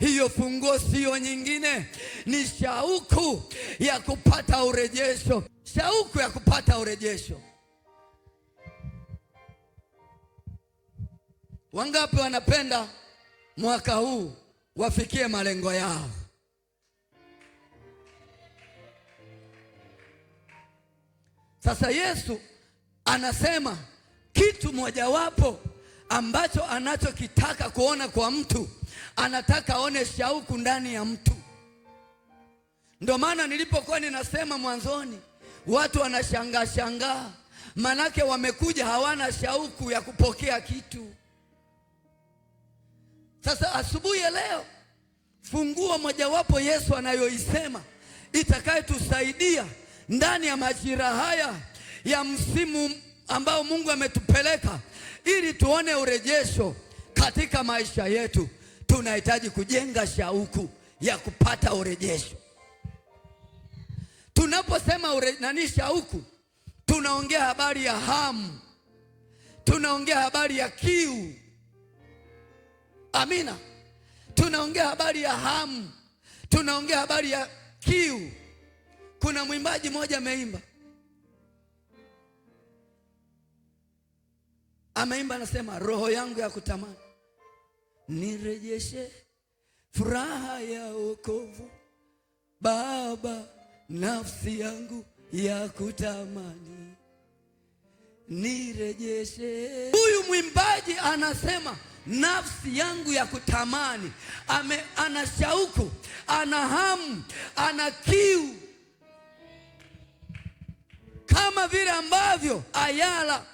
Hiyo funguo siyo nyingine, ni shauku ya kupata urejesho, shauku ya kupata urejesho. Wangapi wanapenda mwaka huu wafikie malengo yao? Sasa Yesu anasema kitu mojawapo ambacho anachokitaka kuona kwa mtu, anataka aone shauku ndani ya mtu. Ndio maana nilipokuwa ninasema mwanzoni, watu wanashangaa shangaa, manake wamekuja hawana shauku ya kupokea kitu. Sasa asubuhi ya leo, funguo mojawapo Yesu anayoisema itakayetusaidia ndani ya majira haya ya msimu ambao Mungu ametupeleka ili tuone urejesho katika maisha yetu. Tunahitaji kujenga shauku ya kupata urejesho. Tunaposema ure, nani shauku, tunaongea habari ya hamu, tunaongea habari ya kiu. Amina, tunaongea habari ya hamu, tunaongea habari ya kiu. Kuna mwimbaji mmoja ameimba Ameimba anasema, roho yangu ya kutamani nirejeshe furaha ya wokovu, Baba, nafsi yangu ya kutamani nirejeshe. Huyu mwimbaji anasema nafsi yangu ya kutamani ame, ana shauku, ana hamu, ana kiu kama vile ambavyo Ayala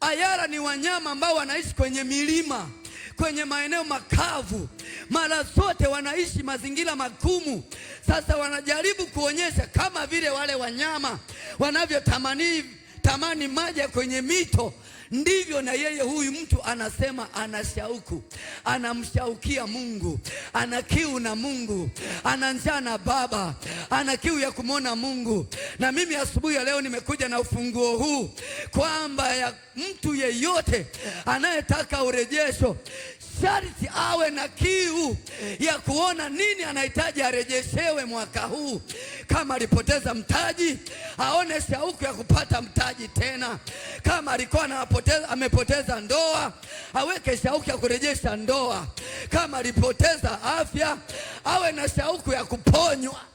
ayara ni wanyama ambao wanaishi kwenye milima, kwenye maeneo makavu, mara zote wanaishi mazingira magumu. Sasa wanajaribu kuonyesha kama vile wale wanyama wanavyotamani anatamani maji kwenye mito, ndivyo na yeye huyu mtu anasema ana shauku, anamshaukia Mungu, ana kiu na Mungu, ana njaa na Baba, ana kiu ya kumwona Mungu. Na mimi asubuhi ya leo nimekuja na ufunguo huu kwamba ya mtu yeyote anayetaka urejesho sharti awe na kiu ya kuona nini anahitaji arejeshewe mwaka huu kama alipoteza mtaji aone shauku ya kupata mtaji tena. Kama alikuwa anapoteza, amepoteza ndoa aweke shauku ya kurejesha ndoa. Kama alipoteza afya awe na shauku ya kuponywa.